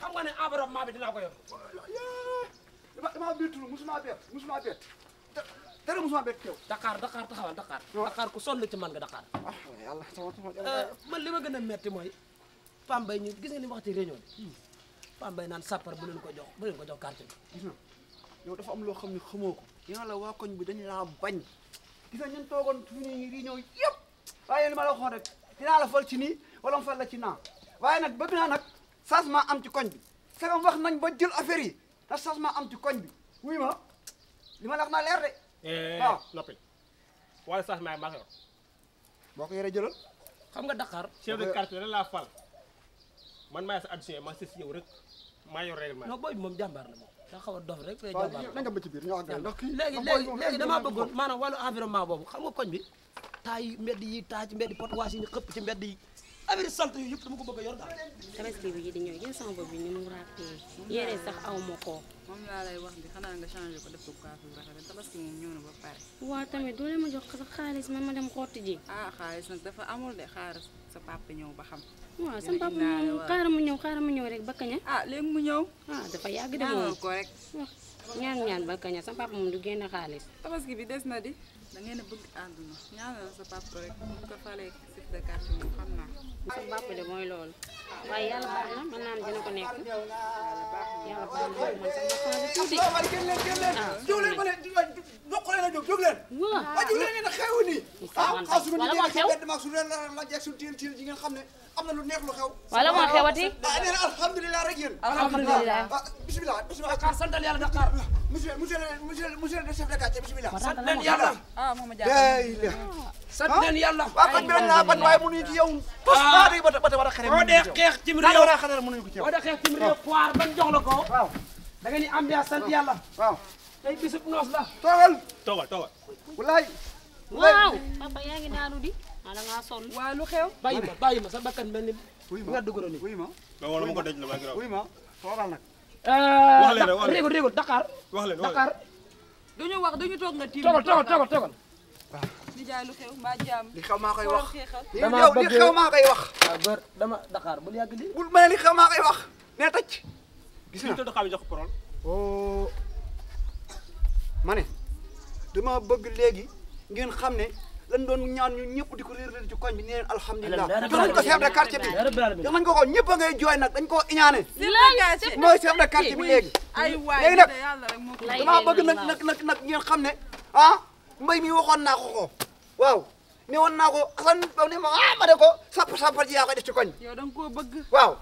xam nga ne environnement bi dinaa ko yor. dama dama biir turu musuma bett musuma bett. dara musuma bett teew. Dakar Dakar taxawal Dakar. Dakar ku sonn ci man nga Dakar. ah yàlla sama euh, man li ma gën a metti mooy Pambay ñu gis nga li mu wax ci réunion bi. Hmm. Pambay naan sàppar bu leen ko jox bu leen ko jox quartier yow dafa loo xam ne xamoo ko. yàlla waa koñ bi dañu laa bañ. gis nga ñun toogoon suñu réunion yëpp. waaye li ma la waxoon rek dinaa la fal ci nii wala mu fal la ci naa waaye nag bëgg naa nag. changement am ci koñ bi sagam wax nañ ba jël affaire yi na ma am ci koñ bi wuy ma li ma la wax na leer de. Eh, waaw noppi wala changement yi maa ko yor. boo ko yoree jëlal. nga Dakar. chef de quartier lan laa fal man maa sa addition ma si yor règlement. non xaw a dof rek fay jàmbaar la nga ba ci biir ñoo àggal ndax kii léegi léegi léegi damaa bëggoon boobu xam nga koñ bi taay mbedd yi taay ci mbedd pot yi ñu xëpp ci mbedd yi affaire salte yooyu a yor daal. tabaski bi di ñëw jël sama bopp bi mu ràppee yére sax aw ma moom laa lay wax bi xanaa nga changé ko def ko kaasu bu rafet tabaski moom ñëw na ba pare. waaw tamit doo ma jox xaalis man ma dem xotti ji. ah xaalis nag dafa amul de xaaral sa papa ñëw ba xam. waaw sama papa moom xaaral mu ñëw xaaral mu ñëw rek ba kañ ah mu ñëw. ah dafa yàgg de moom ko rek. ñaan ñaan ba kañ sama papa moom du génn xaalis. tabaski bi des na di. da ngeen a bëgg àdduna ñaanal sa papa rek mu ko su bàpp de mooy loolu waaye yàlla baax na mën naa am dina nekk yàlla baax na man sax ma changé tuuti waaw jóg leen ma leen doq leen a jóg jóg ah, su ma nit ñi la jeex su xam ne am na lu neex lu xew wala moo ah, xewati ah nee na alhamdulilah rek yéen alhamdulilah ah, bisimilah bisimilah monsieur monsieur monsieur monsieur le chef de quartier bisimilah. sant nañu yàlla ah moom la sant nañu yàlla. waaw kon benn naa ban waaye mënuñu ci yow. tos naa day bata a xaree. mënuñu ci yow boo dee xeex cim a ko ci yow. boo dee xeex cim réew poire la ko. waaw da nga ni ambiance sant yàlla. waaw tey bisub noos la. toogal toogal toogal. waaw papa yaa ngi naanu di. ah da ngaa sonn. waaw lu xew. ba ma bàyyi ma sa bakkan mel ni. wuy ma nga dugg nii. wuy ma. wuy ma toogal nag Euh, wax leen wax leen dégul Dakar. wax leen Dakar. du ñu wax du ñu toog nga tiim. toogal toogal toogal di jaay lu xew mbaa jaam. li xew maa koy wax damaa bëgg li xew maa koy wax. waaw ah, dama Dakar bul yàgg lii. bul ma ne li xew maa koy wax nee tëj. gis naa li tëdd xam jox parole. oo oh. ma ne dama bëgg léegi ngeen xam ne lan doon ñaan ñu ñëpp di ko réer réer ci koñ bi nee leen alhamdulilah ko chef de quartier bi a ngay jooy nag dañ bi léegi naa ko ko waaw ne woon naa ko xan ba ne ma ah ma ne ko sàpp ci koñ yow danga koo bëgg waaw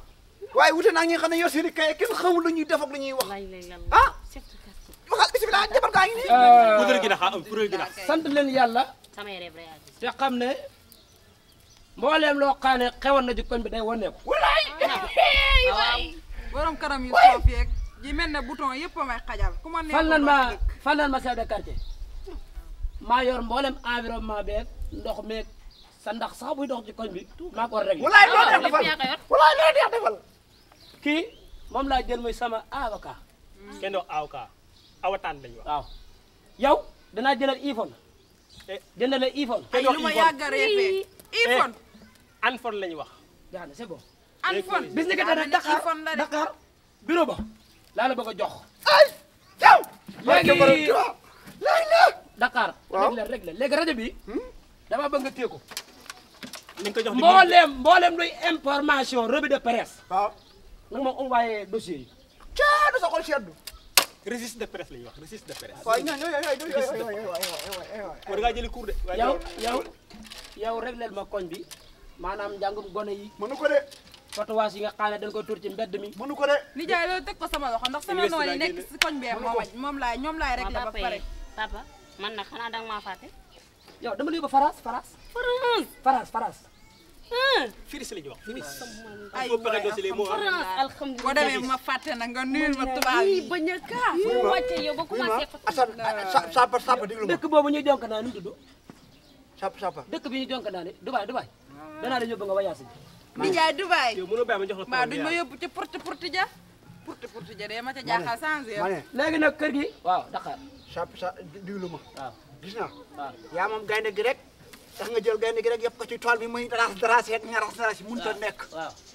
waaye wute naa ñi xam ne yow seen i kay kenn xamul lu ñuy def lu ñuy wax ah waxal bisimilah jëfal gaa ngi nii euh, ah, sant leen yàlla samay rêve te xam ne mbooleem loo xaane xewoon na ci koñ bi day waneeku. walaay ah, waay ah, borom kanam yu soof mel ne bouton yëpp a may xajal. ku ma neexul ma fal nan ma chef de quartier maa yor mboolem environnement beeg ndox meeg sa ndax sax buy dox ci bi maa ko réglé. walaay ah, loo neex defal walaay loo moom laa jël muy sama avocat. Hmm. kenn dox avocat awataan lañu wax. waaw yow danaa jëlal jënd la iphone. ay lu ma yàgg a répé iphone. Eh, anphone la ñu wax. jaana c'est bon. anphone bis ni ko tey Dakar Dakar bureau ba laa la bëgg a jox. ay taw. léegi Dakar. waaw rek la rek la léegi rajo bi. Hmm? dama bëgg nga téye ko. ni ko jox ni mboolem mboolem luy information revue de presse. waaw. na ma envoyé dossier yi. caa du sa xol seddu registre de presse la ñuy wax registre de presse. waaw ñooñu yooyu war ngaa jëli cours de. yow yow yow réglel ma koñ bi maanaam njàngum gone yi. mënu ko de. fotowaas yi nga xam ne dañ ko tur ci mbedd mi. mënu ko de. nijaay loolu teg ko sama loxo ndax sama noon yi nekk si koñ bee moo waj moom laay ñoom laay réglé ba pare. papa man nag xanaa danga maa fàtte. yow dama la yóbbu Faras Faras. Faras Faras. firis la ñu wax firis. ay boo demee ma fàtte na nga nuyul ma tubaab yi bañ a kaa. ba commencé fa. Assane Sapa Sapa déglu ma dëkk boobu ñu jonk naa nu mu tudd. Sapa Sapa dëkk bi ñu jonk naa ne Dubaay Dubaay. Ah. danaa la yóbbu nga wayaasi. di jaay Dubaay. yow mënoo bàyyi ma jox la maa duñ ma yóbbu ci porte porte ja. porte porte ja de ma ca jaaxal changé. ma ne léegi nag kër gi. waaw Dakar. Sapa Sapa déglu ma. waaw ah. gis naa. waaw ah. yaa moom gaynde gi rek. tax nga jël gaynde gi rek yëpp ko ci tool bi muy ras darasi rek nga ras darasi mënut a nekk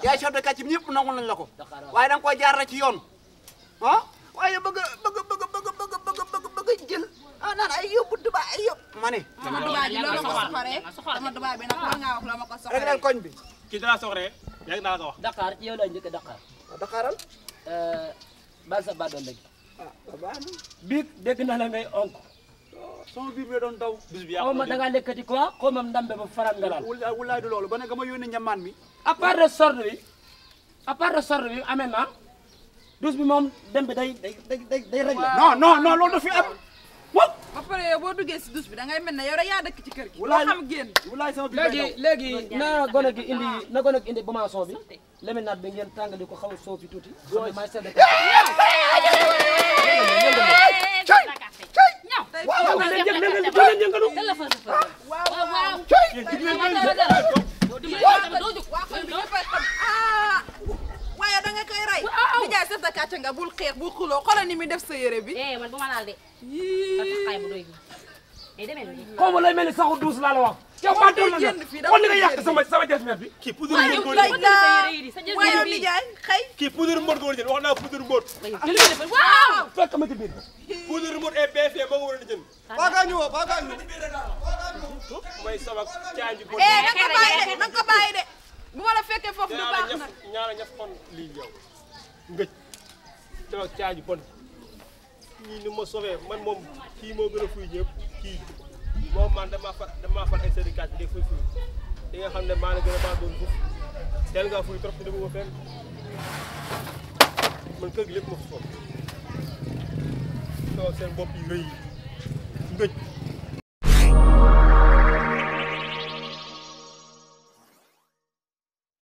yaay chef de quartier bi ñëpp nangul nañ la ko waaye da koo jaar ci yoon ah waaye bëgg bëgg bëgg bëgg a bëgg bëgg bëgg jël ah naan ay yóbbu ma ne sama ma ko soxoree sama Dubaay bi nag naa la wax Dakar yow laa njëkk Dakar Dakaral ba sa ba doon léegi ah euh, ba ah, biig dégg naa la ngay onk sama biir bi doon daw bis bi xaw ma da ngaa lekkati quoi xaw ma ndambe ba faral nga laal wulaay du loolu ba ne nga ma yónni de sorde bi à part de sorde bi na dus bi moom dem bi day day day day réglé non fi am waaw ba boo duggee si dus bi da ngay mel ne yow rek yaa dëkk ci kër gi wulaay xam génn wulaay sama biir léegi na gone gi indi na gone gi indi bomançon bi lemonade tàngali ko xaw a soofi tuuti xam ne maay sedd waaw waaw leen yëg leen leen leen yëngalu waaw waaw cay waaye danga nga koy rey mi jaay sa kàcce nga bul xeex bul xuloo xoolal ni mi def sa yére bi man bu ma laal de xaw ma lay mel ni saxu duus laa yow maa doon la kon ni nga yàq sama sama jasmet bi. kii poudre mboot góor jën waaye yow nijaay xëy. kii poudre mboot góor jën wax naa poudre mboot. waaw fekk ma ci biir. poudre mboot et BFM ba nga waroon a jënd. baagaañu woo baagaañu. mooy sama caaji góor jën. Eh, na nga ko bàyyi de na nga ko bàyyi de. bu ma la fekkee foofu du baax nag ñaara ñaf kon lii yow ngëj sama caaji bon ñii ni ma sofee man moom kii moo gën a fuy ñëpp kii moom man damaa far damaa far ay syndicat bi léegi fay fuy xam ne maa la gën a maa doon fuuf teel ngaa fuy trop te dama ko fenn man kër gi lépp ma ko foofu seen bopp yi rëy yi ngëj